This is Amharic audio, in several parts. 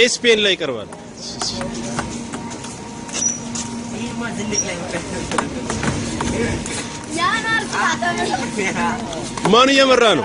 ኤስፔን ላይ ይቀርባል። ማን እየመራ ነው?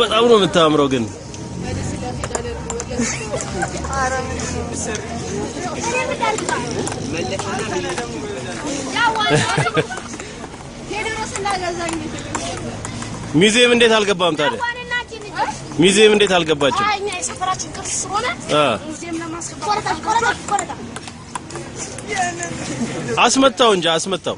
በጣም ነው የምታምረው ግን ሚዚየም እንዴት አልገባም ታዲያ? ሚዚየም እንዴት አልገባችም? አስመታው እንጂ አስመታው